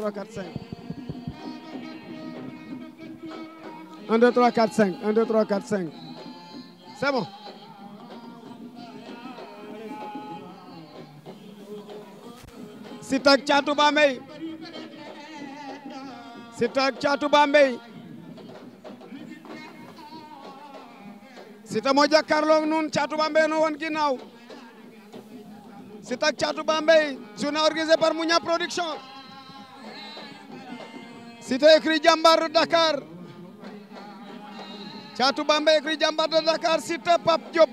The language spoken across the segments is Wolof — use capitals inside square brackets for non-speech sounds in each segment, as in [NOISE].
3 4 5 1 2 3 4 5 1 2 3 4 5 c'est bon Siteu ak Thiatou Bambey nun Thiatou Bambey nu woon ginnaaw Siteu ak Thiatou Bambey par Mounia Production Siteu écurie Jàmbaar de Dakar Caatu Bambey écurie Jàmbaar de Dakar Siteu Pape Diop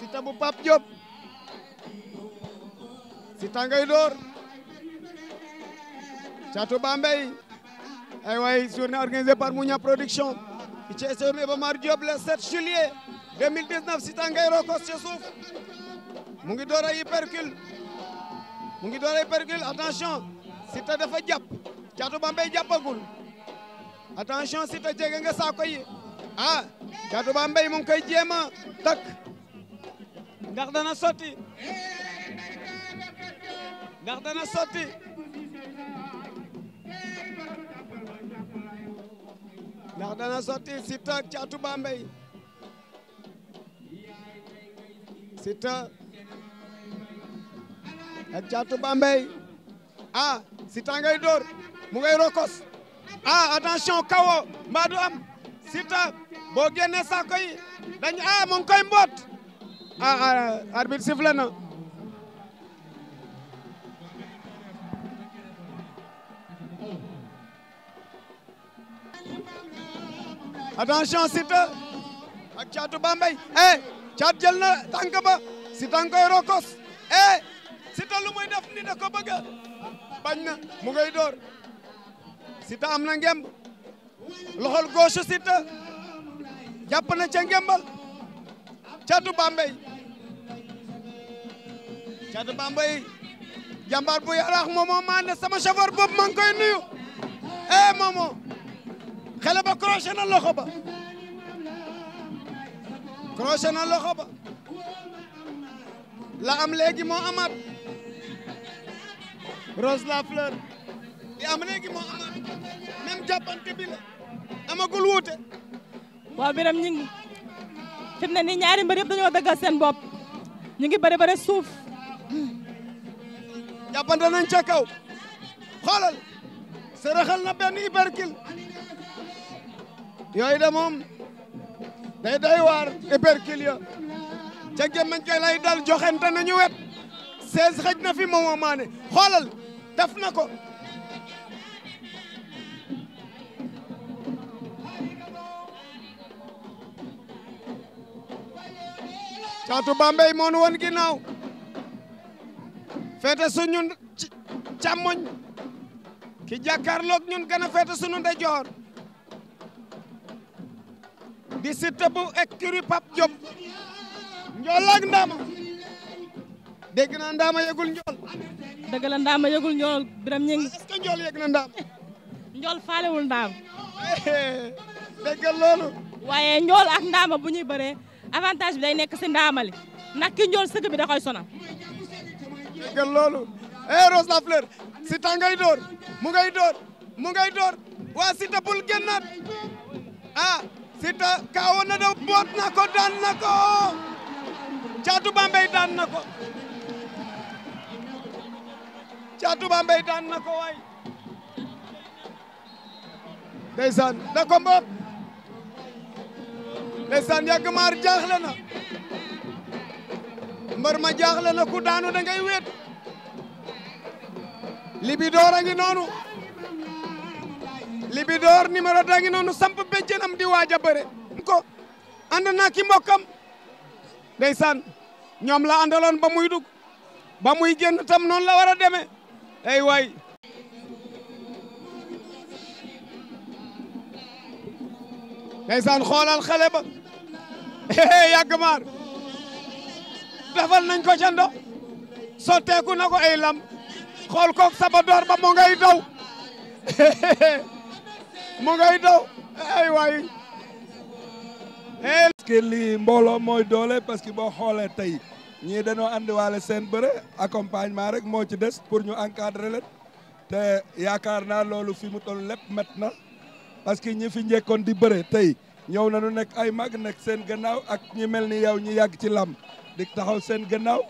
Siteu bu Pape ngay door Caatu Bambey ay waay journée organisée par Mounia Production i ci journée Iba Mar Diop le 7 juillet 2019 Siteu ngay rokos ci suuf mu ngi door ay hypercule mu ngi door ay hypercule attention Siteu dafa jàpp Thiatou Bambey jàppagul attention Siteu jege nga saako yi ah Thiatou Bambey mu koy jéem a takk ndax dana sotti ndax dana sotti sotti Siteu ak Bambey Siteu ak Thiatou Bambey ah Siteu ngay dóor mu ngay rokos ah attention kawo mbaa du am Siteu boo génnee saako yi dañ ah mu koy mboot ah ah arbitre sifflé na attention Siteu ak Thiatou Bambey eh Thiatou jël na tànk ba Siteu ngi koy rokos eh Siteu lu muy def ni da ko bëgg bañ na mu ngay door Siteu am na ngemb loxol gauche Siteu jàpp na ca ngembal caatu Bambey caatu Bambey jàmbaar bu yaraax moomoo maa sama chauffeur bopp maa koy nuyu eh moomoo xele ba crochet na loxo ba crochet na loxo ba la am léegi moo amaat Rose Lafleur di am léegi moo amaat même jàppante bi la amagul wuute. waaw biram ñu ngi fi mu ne nii ñaari mbër yëpp dañoo dëggal seen bopp ñu ngi bëri bëri suuf. jàppante nañ ca kaw xoolal sërëxal na benn hypercule yooyu de moom day doy waar hypercule ya ca gémmañ ca lay dal joxente nañu wet 16 xëj na fi moom amaane daf na ko caatu Bambey moo nu woon ginnaaw feete suñu càmmoñ ki jàkkaarloog ñun gën a feete suñu ndeyjoor di Siteu bu écurie Pape Diop njool ak Ndama dégg naa Ndama yegul njool dëgg la ndaama biram ñing est-ce que njool na ndaam njool faalewul ndaam eh, dëgg waaye njool ak ndaama bu ñuy bëree avantage bi day nekk si ndaamali ndax ki njool sëgg bi da koy sonal dëgg eh, la fleur si ta mu ngay mu ngay waa si ta bul génnaat ah, si ta kaawoon na da boot daan na caatu bambey daan na Caatu Bambey daan na ko waay ndeysaan da ko mbot ndeysaan yàgg maar jaaxle na mbar ma jaaxle na ku daanu da ngay wéet libidoor a ngi noonu libidoor numéro da ngi noonu samp béjjënam di waaj bëre ko ànd naa ki mbokkam ndeysaan ñoom la àndaloon ba muy dugg ba muy génn tam noonu la war a demee ay waay ndeysaan xoolal xale ba yàgg maar nañ ko ca ndo sotteeku na ko ay lam xool kook sabadoor ba mu ngay daw [LAUGHS] mu ngay daw ay waay parce que lii mbooloo mooy doole parce que boo xoolee tey ñi dañoo andiwaale seen bëre accompagnement rek moo ci des pour ñu encadrer leen te yaakaar naa loolu fi mu toll lépp met na parce que ñi fi njëkkoon di bëre tey ñëw nañu nekk ay mag nekk seen gannaaw ak ñi mel ni yow ñi yàgg ci làmb di taxaw seen gannaaw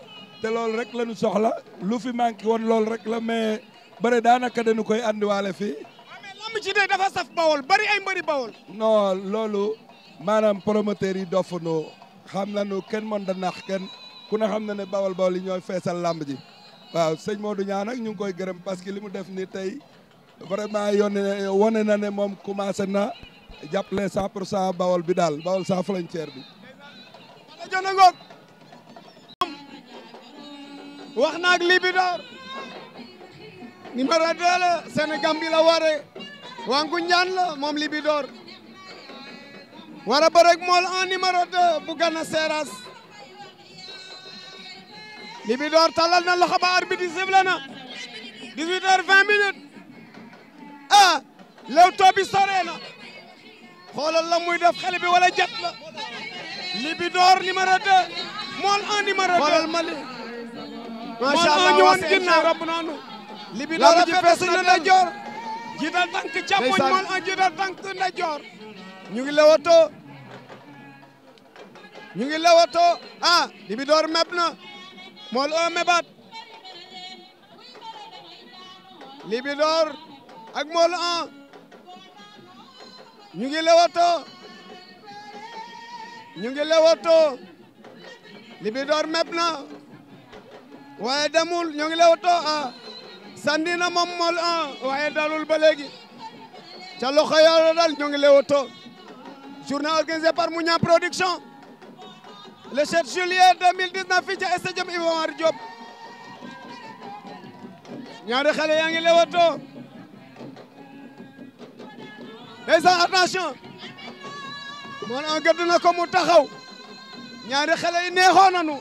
te loolu rek la soxla lu fi manqué woon loolu rek la mais bëre daanaka dañu koy andiwaale fii. Ah, mais ci day dafa saf bawol bari ay mbëri bawol. non loolu maanaam promoteurs yi dofuñu xam nañu kenn mën da nax kenn. ku ne xam na ne bawal bawal yi ñooy feesal làmb ji waaw sëñ Modou Niang nag ñu ngi koy gërëm parce que li mu def ni tey vraiment yónnee wane na ne moom commencé na jàppale 100 pour cent bawal bi daal bawal sans frontière bi. wax na ak numéro 2 la Sénégal bi la waree Wangu Njaan la moom Libidor war a mool un numéro 2 bu gën Libidor tallal na loxo ba arbitre sifflé na 18 heures 20 minutes ah Leewtoo bi sore na xoolal la muy def xale bi wala jat la Libidor numéro 2 Mool 1 numéro 2 xoolal Mali macha allah ñu woon ginnaaw rab noonu Libidor a fees na ndeyjoor jiital tànk càmmoñ Mool 1 jiital tànk ndeyjoor ñu ngi Leewtoo ñu ngi Leewtoo ah meb na mool oo mebat Libidor ak mool oo ñu ngi lewato ñu ngi lewato Libidor meb na waaye demul ñu ngi lewato a sandi na moom mool oo waaye dalul ba léegi ca loxo yàlla dal ñu ngi lewato journée organisée par Mouniang Production le 7 juillet 2019 fii ca stadium Iba Mar Diop ñaari xale yaa ngi leewatoo ndeysaan attention moon on gëdd ko mu taxaw ñaari xale yi neexoo nanu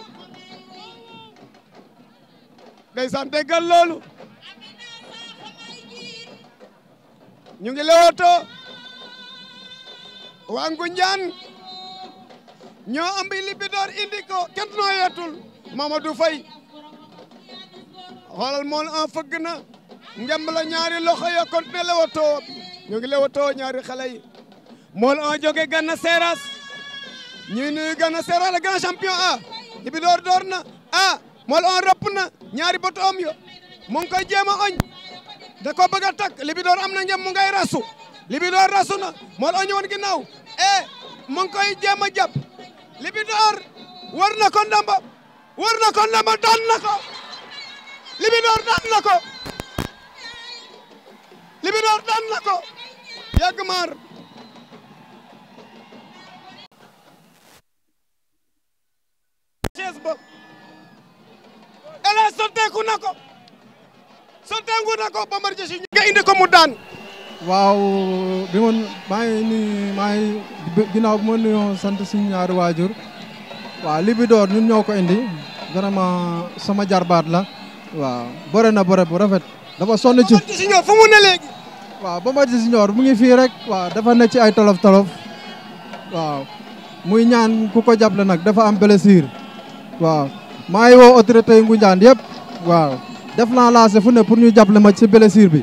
ndeysaan déggal ñu ngi leewatoo waa Ngunjaan ñoo ambi lipitor indi ko kenn noo yeetul Mamadou mool en fëgg na ngemb ñaari loxo yo kon ne lewatoo ñu ngi lewatoo ñaari xale yi mool en jóge Gana Seras ñuy nuyu Gana Seras le grand champion a lipitor door na a mool on rëpp na ñaari batu om yo mu ngi koy jéem am na ngem mu ngay rasu lipitor rasu na mool oñ woon ginnaaw e mu ngi koy jéem a Libidor war na ko ndamba war na ko ndamba daan na ko Libidor daan na daan na ko yàgg maar ba ele sotteeku na ko sotteeku na ko Bombardier nga indi ko mu daan waaw bi ma maa ngi nuyu maa ngi ginnaaw bi ma nuyoo sant suñu ñaari waajur waaw Libidor ñun ñoo ko indi vraiment sama jarbaat la waaw bëre na bore bu rafet dafa sonn ci siñor fu mu ne léegi waaw Bombardier siñor mu ngi fii rek waa dafa ne ci ay tolof tolof waaw muy ñaan ku ko jàppale nag dafa am blessure waaw maa ngi woo autorité yi Ngoundiane yëpp waaw def naa lancé fu ne pour ñu jàppale ma ci blessure bi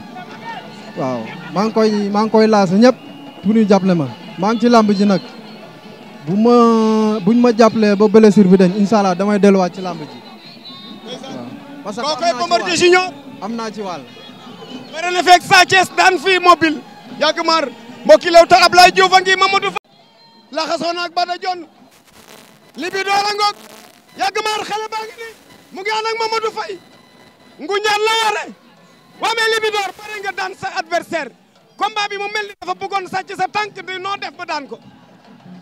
waaw maa koy maa ngi koy lancé ñëpp pour ñu jàppale ma maa ngi ci làmb ji nag bu ma buñ ma jàppalee ba blessure bi dañ incha allah damay delluwaat ci làmb ji waaw. parce que am naa ci wàll am naa ci wàll. bare na fekk Sa daan fii mobile. yàgg maar mbokki Leewtoo Ablaye Diouf ngi Mamadou Fa. laxasoo na ak Bada Dione. Libido la ngoog. yàgg maar xale baa ngi mu ngi ànd ak Mamadou Faye ngu ñaan la waa mais Libidor pare nga daan sa adversaire combat mu mel ni dafa bëggoon sàcc sa tànk di noo def ba daan ko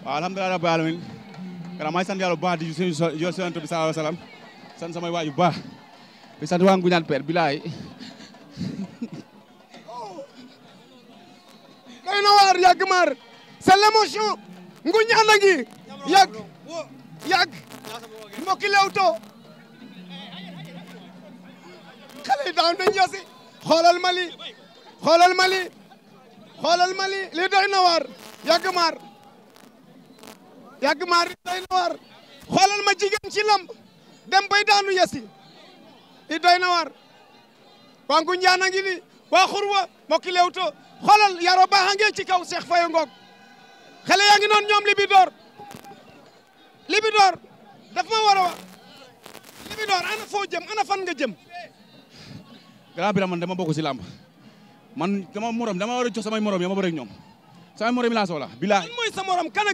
waaw alhamdulilah rabbil alamin kara maay sant yàlla bu baax di suñu yor sonante bi sallallahu alayhi wasallam sant samay waaju bu baax di sant waa [LAUGHS] waar yàgg maar c'est l'émotion Nguñaan a ngi yàgg yàgg mbokki Leewtoo xale yi daaw nañ yasi xoolal Mali xoolal Mali xoolal ma li doy na waar yàgg maar li doy na waar xoolal ma jigéen ci lamb dem bay daanu yesi li doy na waar waa Ngunjaan a ngi ni waa xurwa mbokki xoolal yaro baax a ci kaw Cheikh Faye Ngom xale yaa ngi noonu ñoom Libidor Libidor daf ma war a wax Libidor ana foo jëm ana fan nga jëm grand bi man dama bokk ci làmb man dama morom dama war a jox samay morom ya ma bëreeg ñoom samay morom yi laa soxla bilaahi mooy sa morom kan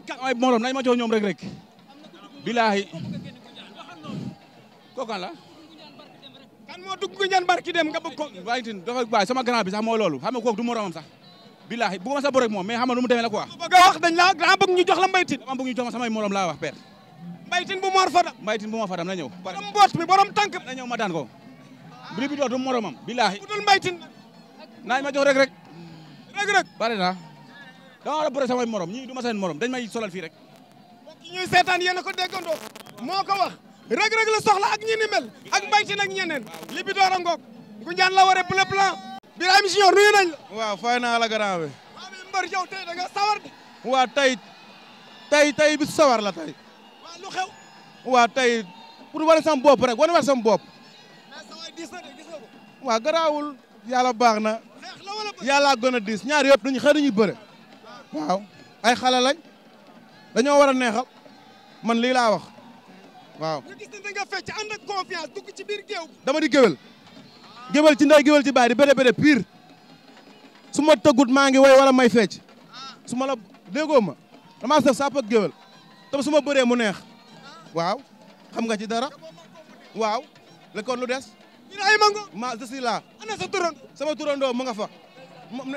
ma jox ñoom rek rek bilaahi kooku kan la kan moo dugg ñaan barki nga bëgg ko waaye tin dafa waay sama grand sax moo loolu xam nga kooku du moromam sax bilaahi bu ma sa bëreeg moom mais xam nga nu mu demee la quoi bëgg a wax dañ la dama bëgg ñu jox la mbaytin dama bëgg ñu ma samay morom laa wax père mbaytin bu moor fadam na ñëw borom mboot mi na ñëw ma daan ko bu bi doo du moromam bilaahi naaj ma jox rek rek rek rek bari na dama war a bëre samay morom ñii du ma seen morom dañ may solal fii rek ki ñuy seetaan yéen a ko déggandoo moo ko wax rek rek la soxla ak ñi ni ak mbayti nag ñeneen li bi door a ngoog Ngoundiane la waree bleu blanc Birame Junior nuyu nañ la fay naa la grand waa bi mbër yow tey da sawar de waa tey bi sawar la tey waa lu xew wane sama bopp rek wane war sama bopp sa waay gis na de gis waa garaawul yàlla baax na yàllaa gën a diis ñaar yëpp dañu xëy dañuy bëre waaw ay xale lañ dañoo war a neexal man lii laa wax waaw. ñu gis ne nga fecc ci biir géew. dama di géwél géwél ci ndey géwél ci baay di bëre bëre pire su ma tëggut maa ngi way wala may fecc su ma la déggoo ma damaa def géwél te su ma bëree mu neex waaw xam nga ci dara waaw léegi lu des. ñu ma je suis sa turandoo. sama turandoo mu nga fa.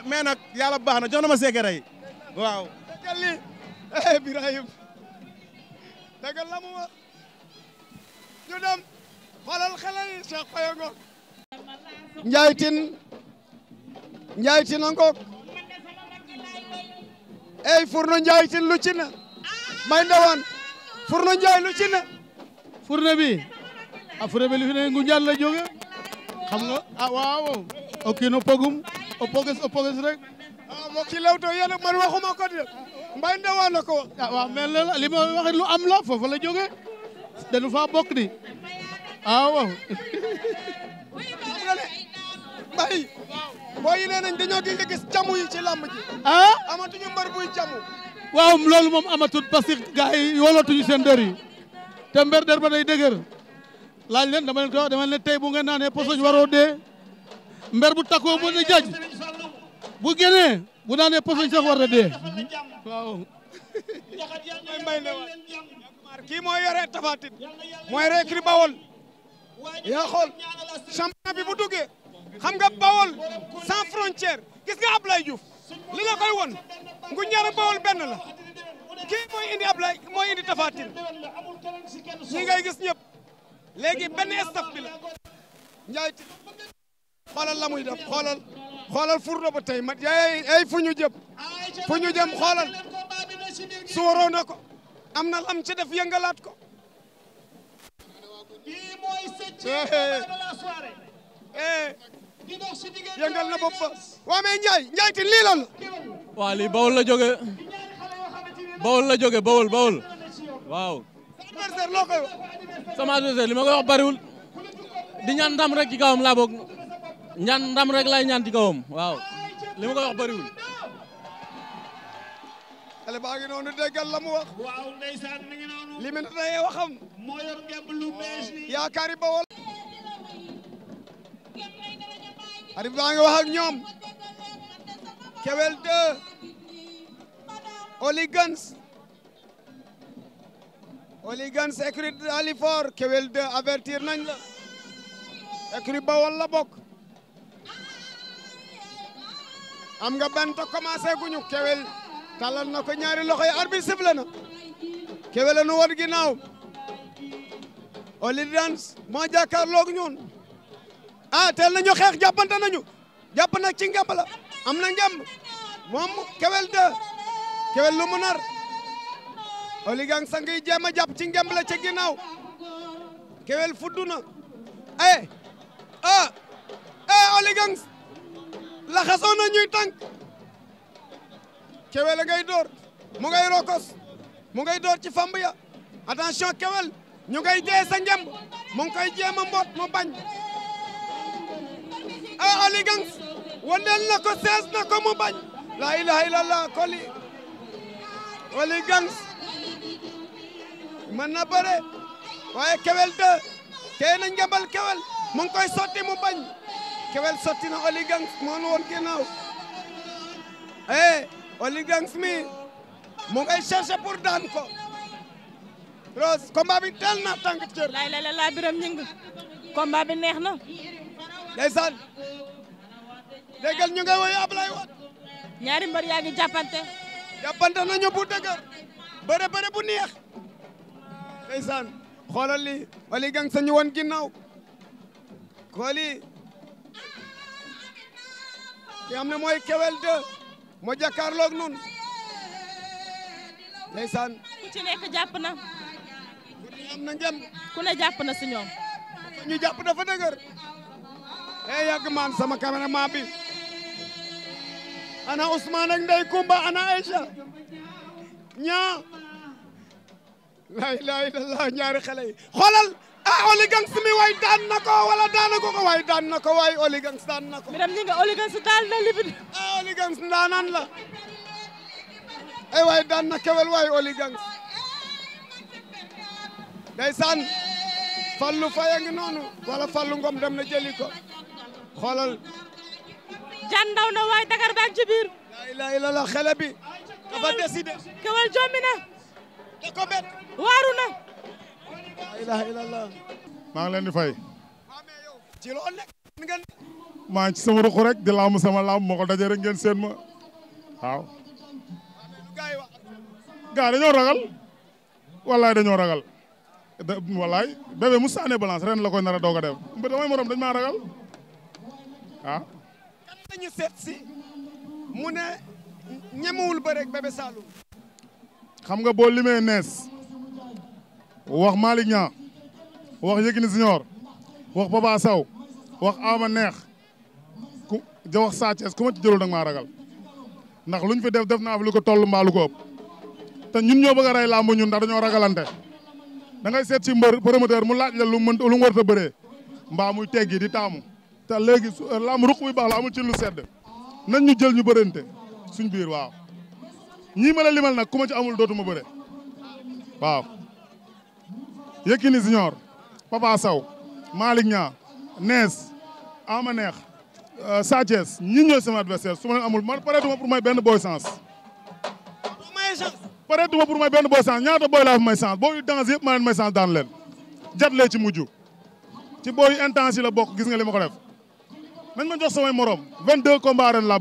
mais nag yàlla baax na jox na ma seekere yi waaw. dëgg li eh, Ibrahim dëgg la mu ñu dem xoolal xelal yi Cheikh Faye Ngok. Ndiaye Tine Ndiaye Tine furno Ndiaye Tine lu ci na may furno Ndiaye lu ci na a ah, furno bi lu ngu njaan la jóge xam nga a ah, waaw o kiino ëppogis ëppogis rek ah moo ci Leewtoo yéen man waxuma ko de mbay ndawaan la ko wax ah waaw mel na li waxit lu am la foofu la jóge dañu faa bokk di ah waaw [LAUGHS] mbay boo yi nee nañ dañoo gëj gis jamu yi ci làmb ji ah amatuñu mbër buy jamu waaw loolu moom amatut parce que gars yi yoolatuñu seen dër yi te mber dër ba day dëgër laaj leen dama leen ko wax dama leen tey bu ngeen naanee posoñ waroo dee mber bu takkoo bu ne jaj bu génnee bu naanee posoñ sax war na dee waaw kii mooy yore tafatit mooy rekri bawol yaa xool champion bi bu duggee xam nga bawol sans frontière gis nga Ablaye Diouf li la koy won ngu ñaar bawol benn la kii mooy indi Ablaye mooy indi tafatin ñi ngay gis ñëpp léegi benn staff bi la njaay xoolal la muy def xoolal xoolal furno ba tey man yaay ay fu ñu jëm fu ñu jëm xoolal su waroon na ko am na lam ci def yëngalaat ko eh, eh, eh. yëngal na bopp waa mais Ndiaye tin lii lan la waa lii bawol la jóge bawol la jóge bawol waaw adversaire loo koy koy wax di ñaan ndam rek ci kawam ñaan ndam rek lay ñaan ci kawam waaw li ma koy wax bëriwul. xale baa ngi noonu déggal la mu wax. waaw ndeysaan mi ngi waxam. moo yor ngemb lu bees ni. ñoom. Kewel 2. Oligans. Oligans écurie Kewel 2 avertir nañ la. écurie Bawol la am nga ban ta commencé guñu kewel talal na ko ñaari loxo yi arbitre sifflé na kewel la nu war ginnaaw Only Dance moo jàkkaarloog ñun ah teel nañu xeex jàppante nañu jàpp nag ci ngemb la am na ngemb moom kewel de kewel lu mu nar Only Gang sang yi jéem jàpp ci ngemb la ca ginnaaw kewel fudd na eh ah eh Only Gang laxasoon na tànk kewel a ngay door mu ngay rokos mu ngay door ci famb ya attention kewel ñu ngay jee sa mu ngi koy a mboot mu bañ a Ali Gangs na ko sees na ko mu bañ la ilaha illallah koli Ali Gangs na bëre waaye kewel de tee na ngembal kewel mu ngi sotti mu bañ Kewel sotti na Oli Gangs moo nu woon ginnaaw eh Oli Gangs mi mu ngay chercher pour daan ko Rose combat bi teel na tànk cër. lay la la biram ñing combat bi neex na. ndeysaan déggal ñu ngay woy Ablaye Wade. ñaari mbër yaa ngi jàppante. jàppante nañu bu dëgër bëre bu neex ndeysaan xoolal Oli Gangs sañu woon ginnaaw kooli ki am ne mooy Kewel 2 moo jàkkaarloog nun ndeysaan ku ci nekk jàpp na ku ne am na ngem ku ne jàpp na si ñoom ñu jàpp dafa dëgër ee yàgg maan sama cameraman bi ana Ousmane ak Kumba ana Aïcha ñaa laa ilaaha illallaah ñaari xale yi xoolal ah Oli Gans mi waay daan na ko wala daan na ko ko waay daan na ko waay Oli Gans daan na ko. madame ñu nga Oli Gans daal na libi. ah Oli Gans ndaanaan la eh, ay waay daan na kewel waay Oli Gans ndeysaan Fallu Faye a ngi noonu wala Fallu Ngom dem na jëli ko xoolal. jandaw na waay Dakar daan ci biir. laa ilaaha illallaah xele bi dafa décidé. kewel jommi na. da ko bet waaru na. ilaha illallah maa ngi leen di fay ci loo nekk ngeen maa ngi sama ruq rek di laamu sama laam moo ko daje ngeen seen ma waaw gaa dañoo ragal wallaay dañoo ragal wallaay bébé mu saane balance ren la koy nar a doog a def ba damay dañ maa ragal ah kan lañu seet si mu ne ñemewul ba rek bébé Saloum xam nga boo limee nees wax Malick ñaa wax Yékini Junior wax Papa Sow wax Ama Neex ku ja wax Sa ku ma ci jëlul nag maa ragal ndax luñ fi def def naa fi lu ko toll mbaa lu ko te ñun ñoo ba a rey làmb ñun ndax dañoo ragalante da ngay seet ci mbër promoteur mu laaj la lu mu mën lu mu war a bëree mbaa muy teggi di taamu te léegi euh, làmb ruq bi baax la amul ci lu sedd nañ ñu jël ñu bërante suñ biir waaw ñii ma la limal nag ku ma ci amul dootuma bëre waaw Yékini Junior Papa Sow Malick Niang Nees Ama Neex euh, Sa Thiès ñi ñooy sama adversaire su ma amul man pare duma pour may benn boy sens pare duma pour may benn boy sens ñaata boy laa fi may sens booy yu danse yëpp ma leen may sens daan leen jat lee ci mujj ci booy yu intense la bokk gis nga li ma ko def ma jox samay morom 22 combats ren laa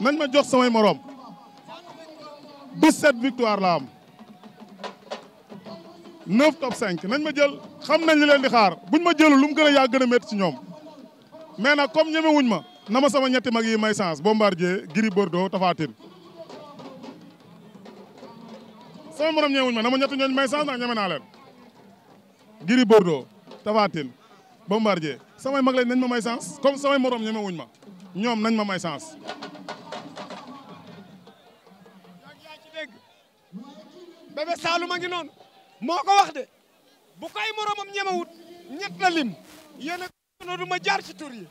ma jox samay morom 17 victoire la neuf top cinq nañ ma jël xam nañ leen di xaar buñ ma jëlul lu mu gën a yaa gën ci ñoom mais nag comme ñeme wuñ ma na ma sama ñetti mag yi may chance Bombardier Gris Bordeaux Tapha Tine sama morom ñeme wuñ ma ma ñetti ñooñ may chance nag ñeme naa leen Gris Bordeaux Tapha Tine Bombardier samay mag lañ nañ ma may chance comme samay morom ñeme wuñ ma ñoom nañ ma may chance Bébé Saloum a ngi noonu moo ko wax de bu koy moromam ñemewut ñett la lim yéen a du ma jaar ci tur yi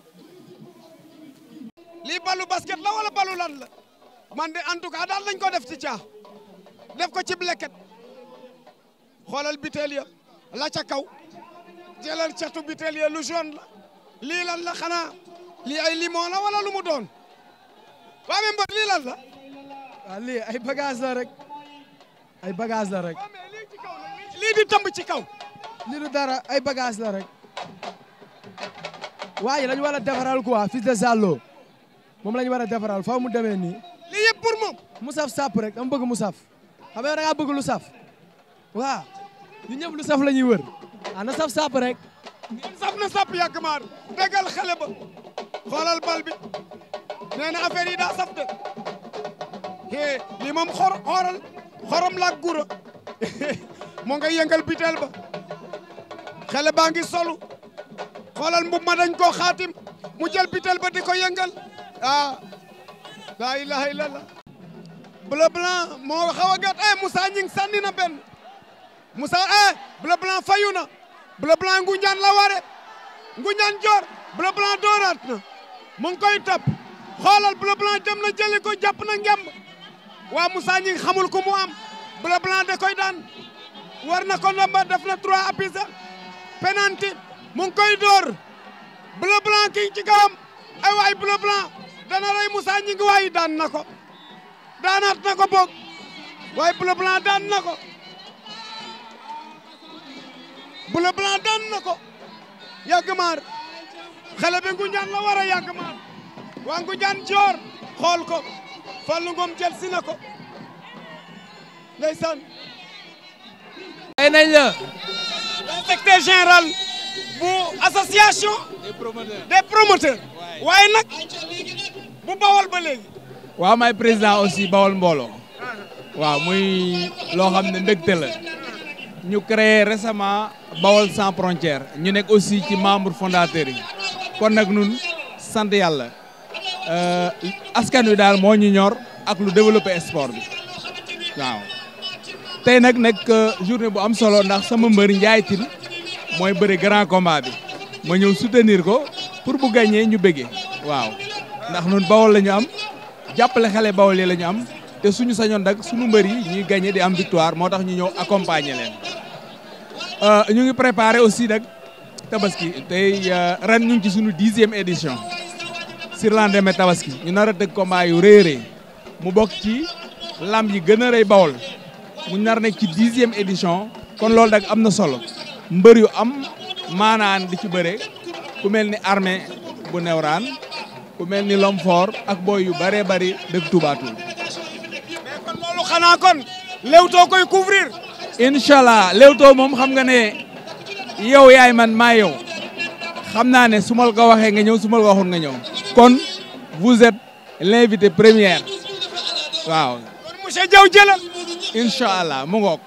lii balu basket la wala balu lan la man de en tout cas daal lañ ko def ci caa def ko ci bleket xoolal biteel ya ca kaw jëlal catu biteel lu jaune la lii lan la xanaa lii ay limon la wala lu mu doon waa même lii lan la ah, ay bagage la rek ñii di tëmb ci kaw. li du dara ay bagage la rek. waaye lañu war a defaral quoi fils de Zallo moom lañu war a defaral faaw mu demee nii. lii yëpp pour mu saf sàpp rek dama bëgg mu saf xam nga da ngaa bëgg lu saf waaw ñu ñëpp lu saf la ñuy wër ah na saf sàpp rek. saf na sàpp yàgg maar déggal xale ba xoolal bal nee na affaire daa saf de. hee lii moom xor xoral la ak [LAUGHS] mu nga yëngal biteel ba xale baa ngi solu xoolal mbubb ma dañ koo xaatim mu jël biteel ba di ko yëngal ah laa ilaha illallah bleu moo xaw a gàtt eh Moussa ñi na benn Moussa eh bleu fayu na bleu blanc Ngunjaan la ware Ngunjaan joor bleu dooraat na mu koy topp xoolal bleu blanc na jëli ko jàpp na ngemb waa Moussa ñi xamul ku mu am bleu blanc da koy daan war na ko nomba def na trois appuis penalty mu koy dóor bleu blanc ki ci kawam ay waay bleu blanc dana rey Moussa ñi ngi waay daan na ko daanaat na ko boog waaye bleu blanc daan na ko bleu blanc daan na ko yàgg xale bi Ngunjaan la war a yàgg maar waa joor xool ko Fallou Ngom jël si na ko ndeysaan waaye nag bu bawol ba léegi waaw may président aussi bawol mbooloo waaw muy loo xam ne mbégte la ñu créer récemment bawol sans frontière ñu nekk aussi ci membre fondateur yi kon nag nun sant yàlla euh, askan wi daal moo ñu ñor ak lu développé sport bi waaw tey nag nekk euh, journée bu am solo ndax sama mbër Ndiaye Tine mooy bëri grand combat bi ma ñëw soutenir ko pour bu gagné ñu bëggee waaw ndax nun bawol la ñu am jàppale xale bawol yi la ñu am te suñu sañoon nag suñu mbër yi ñuy gagné di am victoire moo tax ñu ñëw accompagner leen euh, ñu ngi préparé aussi nag tabaski tey euh, ren ñu ngi ci suñu dixième édition sur lendemain tabaski ñu nar a tëgg combat yu rëy mu bokk ci lamb yi gën a rëy bawol mu nar nekk ci dixième édition kon loolu nag am na solo mbër yu am maanaan di ci bëre ku mel ni armée bu newraan ku mel ni lomfoor ak booy yu bëree bëri dëkk Touba Toul xanaa kon Leewtoo koy couvrir incha allah Leewtoo moom xam nga ne yow yaay man maa yow xam naa ne su ma ko waxee nga ñëw su ma waxoon nga ñëw kon vous êtes l'invité première waaw incha allah mu ngoog.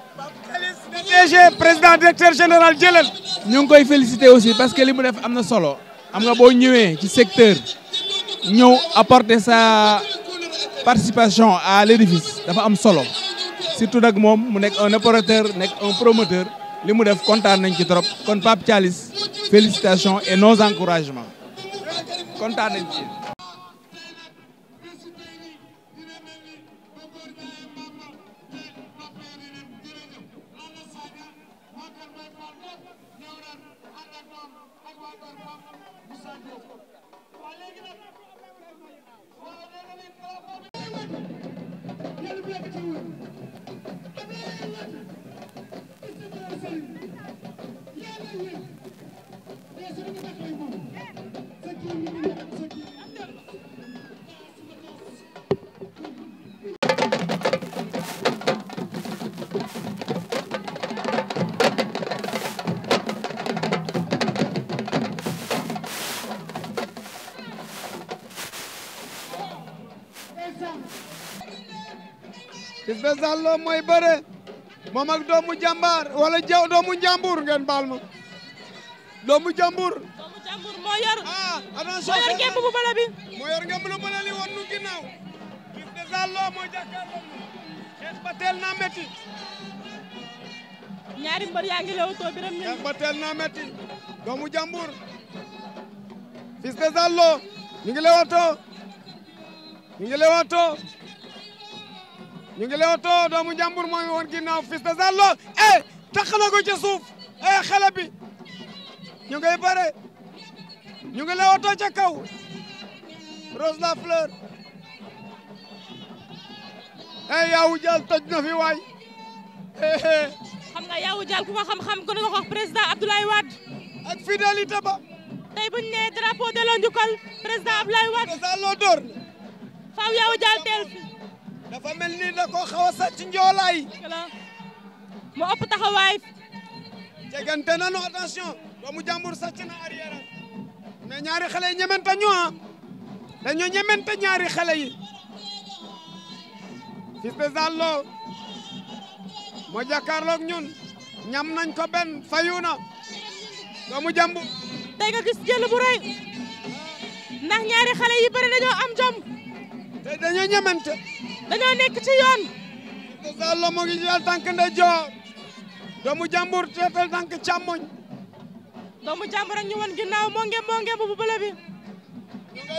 DG président directeur général jëlal. ñu ngi koy féliciter aussi parce que li mu def am na solo am nga boo ñëwee ci secteur ñëw apporter sa participation à l'édifice dafa am solo surtout nag moom mu nekk un opérateur nekk un promoteur li mu def kontaan nañ ci trop kon Pape Thialis félicitations et nos encouragement kontaan spécial loo mooy bëre moom ak doomu jàmbaar wala jaw doomu njàmbur ngeen baal ma doomu jàmbur. doomu jàmbur moo yor. ah attention moo yor ngemb bu bële bi. moo yor ngemb lu bële li woon nu ginnaaw. spécial loo mooy jàkkaarloo xeex ba teel naa métti. ñaari mbër yaa ngi lewtoo biram ñu. xeex ba teel naa métti doomu jàmbur. Fils de Zale Lo ñu ngi lewaatoo ñu ngi lewaatoo ñu ngi leewtoo doomu njàmbur moo ngi woon ginnaaw Fils de Zallo eh, tax na ko ca suuf eh ñu ngay bare ñu ngi leewtoo ca kaw Rose la fleur eh yaawu jaal na fi waay xam nga yaawu ku ko xam-xam ko nga ko wax président Abdoulaye Wade ak fidélité ba tey buñ ne drapeau delloo njukkal président Abdoulaye Wade Zallo door faaw yaawu jaal dafa mel ni da koo xaw a sàcc njoolaay. mu ëpp taxawaay. jegante nañu attention doomu jàmbur sàcc na arrière mais ñaari xale yi ñemente ñu ah dañoo ñemente ñaari xale yi. Fils de moo jàkkaarloog ñun ñam nañ ko benn fayu na doomu jàmbur. tey nga jël bu rëy ndax ñaari xale yi bëri dañoo am jom. te dañoo ñemente. dañoo nekk ci yoon. te Saalum mu ngi jël tànk ndeyjoor doomu jàmbur teetal tànk càmmoñ. doomu jàmbur ak ñu wan ginnaaw moo ngi moo ngi bu bële bi.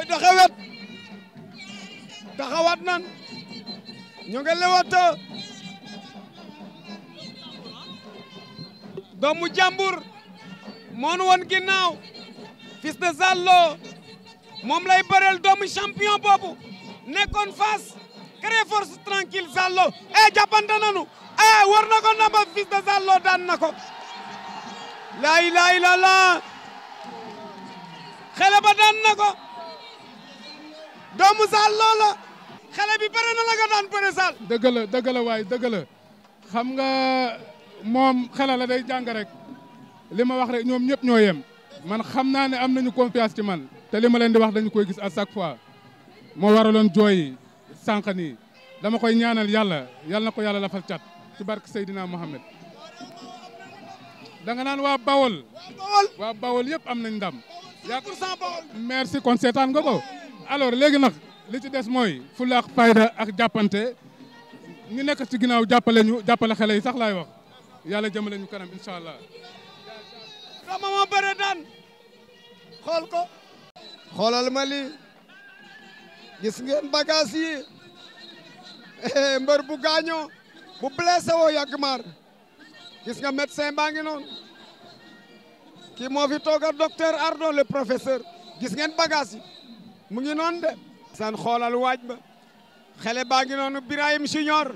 doxe wet taxawaat nan ñu ngi lewato doomu jàmbur moo nu wan ginnaaw Fils de Zale Lo moom lay bëreel doomu champion boobu nekkoon fas Crée force tranquille Zallo eh jàppante nañu eh war na ko namba fils de Zallo daan na ko laa ilaaha illallaah xale ba daan na ko doomu Zallo la bi bëre na la nga daan bëre Zal dëgg waay dëgg xam nga moom xale la day jàng rek li ma wax rek ñoom ñëpp ñoo yem man xam naa ne am nañu confiance ci man te li ma leen di wax dañu koy gis à chaque fois moo waraloon jooy sànq nii dama koy ñaanal yàlla yàlla na ko yàlla lafal cat ci barke Seydina Mohamed da nga naan waa Bawol waa Bawol yëpp am nañ ndam yaa merci kon seetaan nga ko alors léegi nag li ci des mooy fulla ak fayda ak jàppante ñu nekk ci ginnaaw jàppale ñu jàppale xale yi sax lay wax yàlla jëmale ñu kanam incha allah sama ma bëre daan xool ko xoolal ma gis ngeen bagage yi Eh, mbër bu gaañoo bu blessé woo yàgg gis nga médecin baa ngi noonu kii moo fi tooga docteur Ardo le professeur gis ngeen bagage mu ngi noonu de san xoolal waaj ba xale baa ngi noonu Birahim Junior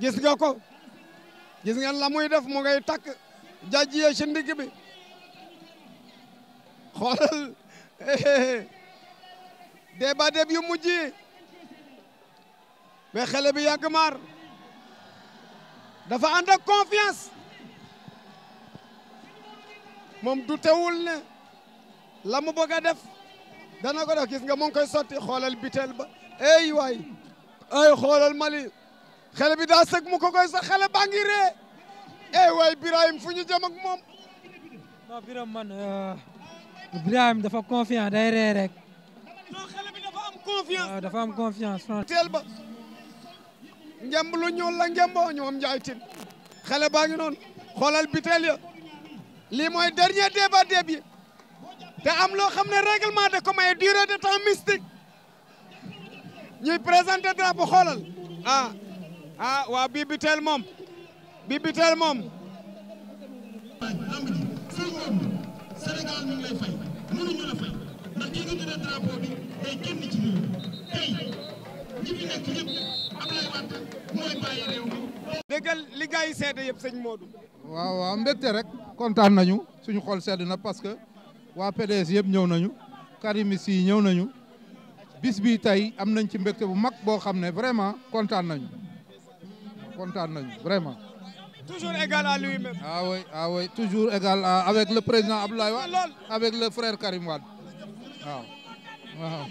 gis nga ko gis ngeen la muy def mu ngay takk jajjiyee ci ndigg bi xoolal [LAUGHS] débat yu mujj yi mais xale bi yàgg maar dafa ànd ak confiance moom du tewul la mu bëgg a def dana ko def gis nga mu koy sotti xoolal biteel ba ey waay ay xoolal Mali xale bi daa sëg mu ko koy sax xale baa ngi ree ey waay Birahim fu ñu jëm ak moom non euh, dafa confiant day ree rek non dafa am confiance dafa am confiance biteel ba ngemb la ngemboo ñoom Ndiaye Tine xale baa ñu noonu xoolal biteel ya lii mooy dernier débat déb te am loo xam ne règlement de ko maye durée de temps mystique ñuy présenté drapeau xoolal ah ah waa bii biteel moom bii biteel moom bi day génn ci ñun déggal li yi seede yëpp sëñ Modou. waaw waaw mbégte rek kontaan nañu suñu xool sedd na parce que waa PDS yëpp ñëw nañu karimis yi ñëw nañu bis bi tey am nañ ci mbégte bu mag boo xam ne vraiment kontaan nañu kontaan nañu vraiment. toujours égal à lui-même. ah oui ah oui toujours égal à avec le président Abdoulaye Wade avec le frère Karim Wade waaw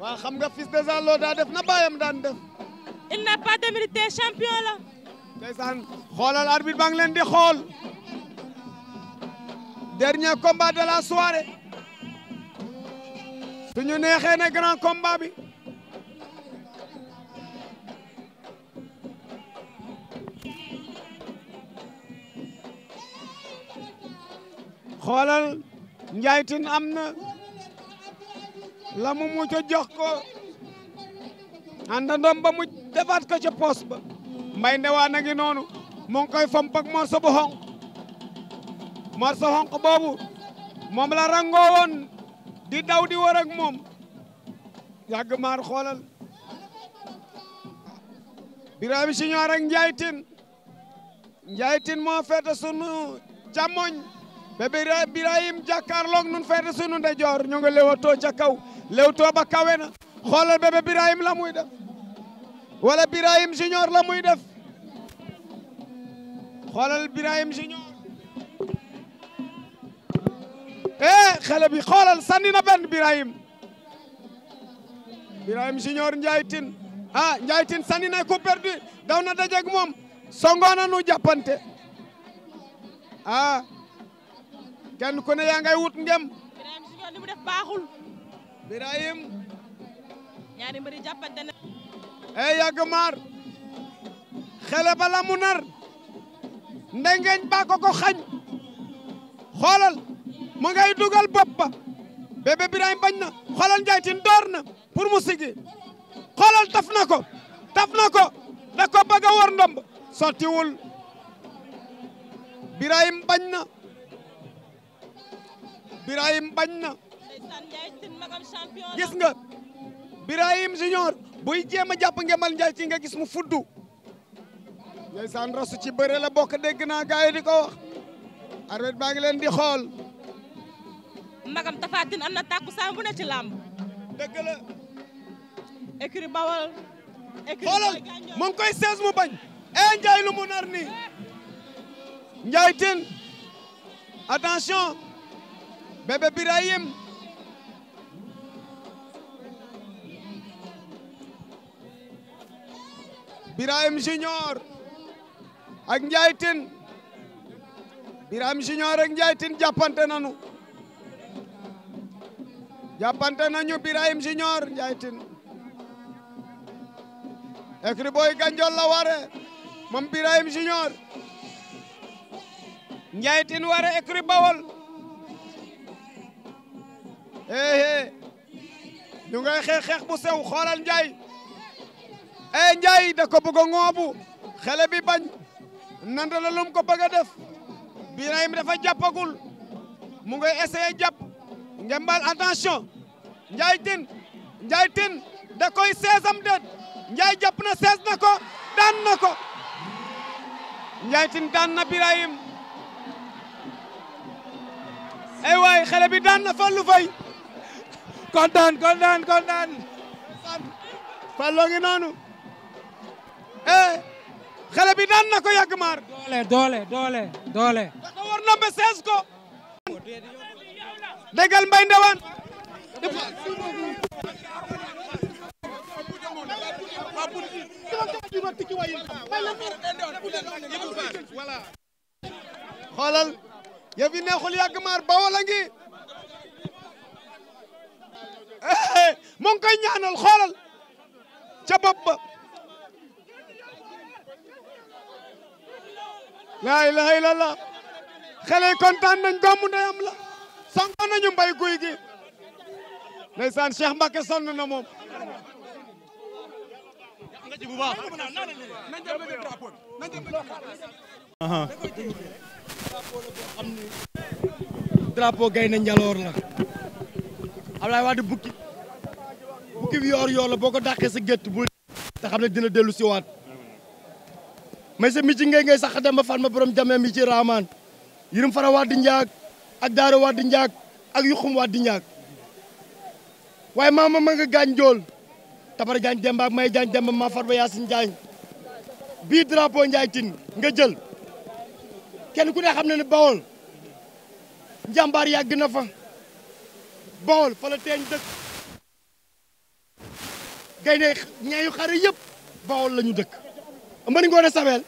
waaw xam nga fils de Zale daa def na baayam daan def. il n'a pas de mérite champion la. xoolal arbitre baa leen di xool. dernier combat de la soirée. suñu neexee ne grand combat bi. la mu mucc jox ko ba mu defaat ko poos ba mbay ndewaan a ngi noonu mu ngi koy fomp morso bu morso xonq boobu moom la rangoo di daw di war moom yàgg maar xoolal Birame Signor ak Ndiaye Tine Ndiaye Tine moo feete sunu càmmoñ ba Birahim jàkkaarloog nun feete sunu ndejoor ñu ngi ca kaw Leewtoo ba kawe na xoolal bébé Birahim la muy def wala Birahim Junior la muy def xoolal Birahim Junior eh xale bi xoolal sànni na benn Birahim Birahim Junior Ndiaye Tine ah Ndiaye Tine sànni na coup perdu daw na dajeeg moom songoon nu jàppante ah kenn ku ne yaa ngay wut ngem. Birahim Birahim ñaari mbëri jàppante na ey yàgg maar nar ndengeñ baa ko ko xañ xoolal mu ngay dugal bopp ba bébé Birahim bañ na xoolal njaaytin door na pour mu sigi xoolal taf na ko taf na ko da ko bëgg a war ndomb sottiwul Birahim bañ na Birahim bañ na gis nga Birahim Junior buy jéem a jàpp ngemal Ndiaye ci nga gis mu fuddu ndeysaan rasu ci bëre la bokk dégg naa gars di ko wax arbitre baa ngi leen di xool magam tafaatin am na tàkku saa ne ci làmb dëgg la Bawol xoolal mu ngi sees mu bañ eh Ndiaye lu mu nar nii Ndiaye Tine attention bébé Birahim Birahim Junior ak Ndiaye Tine Birahim Junior ak Ndiaye Tine jàppante nañu jàppante nañu Birahim Junior Ndiaye Tine écrit ware moom Birahim Junior Ndiaye ware écrit bawol eh eh xeex xeex bu sew xoolal Ndiaye e Ndiaye da ko bëgg a ŋoobu xale bañ nanta la lum ko bëgg a def Birahim dafa jàppagul mu ngay essayer jàpp ngembal attention Ndiaye Tine Ndiaye Tine da koy seesam déet Ndiaye jàpp na sees na ko daan na ko Ndiaye Tine daan na Birahim ay waay bi daan na Fallou Faye kontaan kontaan kontaan Fallou noonu Eh, xale bi daan na ko yàgg maar. doole doole doole doole. dafa war na neexul yàgg maar ba wala ngi eh, mu ngi koy ca bopp ba. laa ilaha illallah xale kontaan nañ doomu ndeyam la sango nañu mbay guy gi ndeysaan Cheikh Mbacke sonn na moom drapeau gaynde njaloor la Ablaye Wade bukki bukki bi yoor yoor la boo ko dàqee sa gétt bul te xam ne dina dellu si waat mais sa mici ngay ngay sax dem ba fan ma borom jamee mi ci raamaan yërëm fara waa di njaag ak daara waa njaag ak yuxum waa njaag waaye maama ma nga gaañ jool tabar gaañ demba may gaañ demba maa far ba yaasin jaañ bii drapeau njaay tin nga jël kenn ku ne xam ne ne bawol njàmbaar yàgg nafa fa bawol fa la teeñ dëkk ñaayu xare yëpp bawol la ñu dëkk Mbari Ngoone Sabel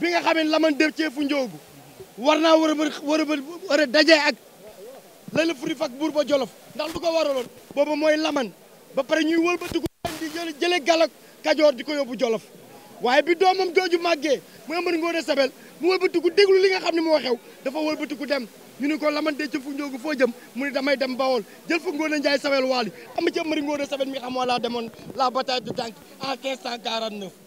bi nga xam laman la man def cee fu njoogu war naa war a war a war a daje ak lële furi fak buur ba jolof ndax lu ko war waraloon booba mooy laman ba pare ñuy wëlbatiku di jële galak kajoor di ko yóbbu jolof waaye bi doomam jooju màggee mu Mbari Ngoone Sabel mu wëlbatiku déglu li nga xam ne moo xew dafa wëlbatiku dem ñu ni ko laman dee ci fu njoogu foo jëm mu ni damay dem ba bawol jël fa Ngoone Njaay Sabel waali am ci Mbari Ngoone Sabel mi xam wala demoon la bataille de Dank en 1549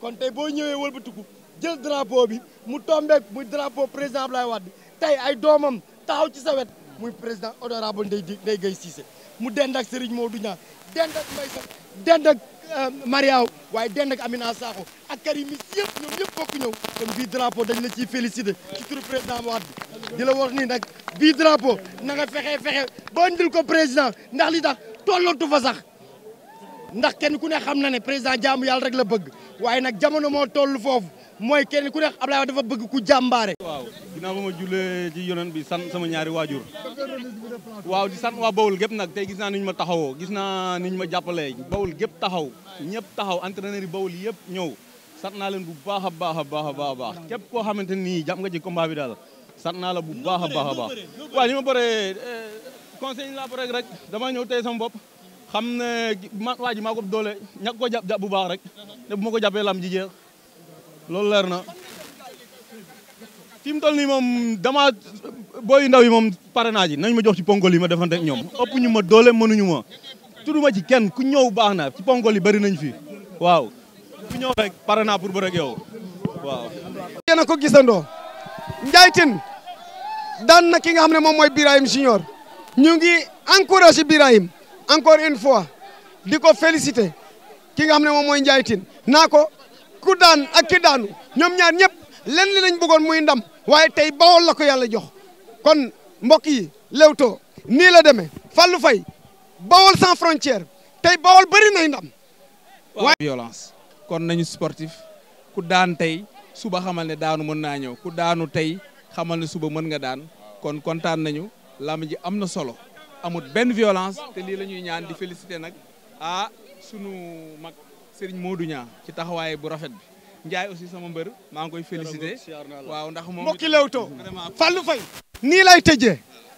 kon tey boo ñëwee wëlbatiku jël drapeau bi mu tombeek muy drapeau président Abdoulaye Wade tey ay doomam taxaw ci sa wet muy président honorable Ndeye Ndeye Gueye Cissé mu dend ak Serigne moo Niang dend ak Mbaye Sax dend ak euh, Mariaw waaye dend ak Amina Sakho ak Karim yëpp ñoom ñëpp bokk ñëw kon bii drapeau dañ la ciy félicité ci turu président Wade di la wax nii nag bii drapeau na nga fexe fexe ba indil ko président ndax li tax tollatu fa sax ndax kenn ku ne xam na ne président jaamu yàlla rek la bëgg waaye nag jamono moo toll foofu mooy kenn ku ne Abdoulaye Wade dafa bëgg ku jàmbaare. waaw ginnaaw ba ma jullee ci yonen bi sant sama ñaari waajur waaw di sant waa bawul gépp nag tey gis naa ni ñu ma taxawoo gis naa ni ñu ma jàppalee Bawol gépp taxaw ñëpp taxaw entraîneur yi Bawol yëpp ñëw sant naa leen bu baax a baax a baax a baax a baax képp koo xamante nii jàpp nga ci combat bi daal sant naa la bu baax a baax a baax waaw li ma bëree eh, conseil yi laa bëree rek damaa ñëw tey sama bopp xam ne ma waa ji doole ñàkk ko jàpp jàpp bu baax rek ne bu ma ko jàppee lam ji jeex loolu leer na fi mu toll nii moom dama booy ndaw yi moom pare naa nañ ma jox ci ponkol yi ma defante ak ñoom ëpp ñu ma doole mënuñu ma tudduma ci kenn ku ñëw baax na ci ponkol yi bari nañ fi waaw ku ñëw rek pare naa pour bërëg yow waaw yéen a ko gisandoo Ndiaye Tine daan na ki nga xam ne moom mooy Birahim Junior ñu ngi encouragé Birahim encore une fois di ko félicité ki nga xam ne moom mooy Ndiaye naa ko ku daan ak ki daanu ñoom ñaar ñëpp lenn li lañ bëggoon muy ndam waaye tey bawol la ko yàlla jox kon mbokk yi Leewtoo nii la demee Fallou Faye bawol sans frontière tey bawol bari nay ndam. waaye violence kon nañu sportif ku daan tey suba xamal ne daanu mën naa ñëw ku daanu tey xamal ne suba mën nga daan kon kontaan nañu lamb ji am na solo. amut benn violence te lii la ñuy ñaan di félicité nag ah sunu mag Serigne moodu Niang ci taxawaay bu rafet bi Ndiaye aussi sama mbër maa ngi koy félicité waaw ndax moom mbokki Leewtoo Fallou Faye nii lay tëjee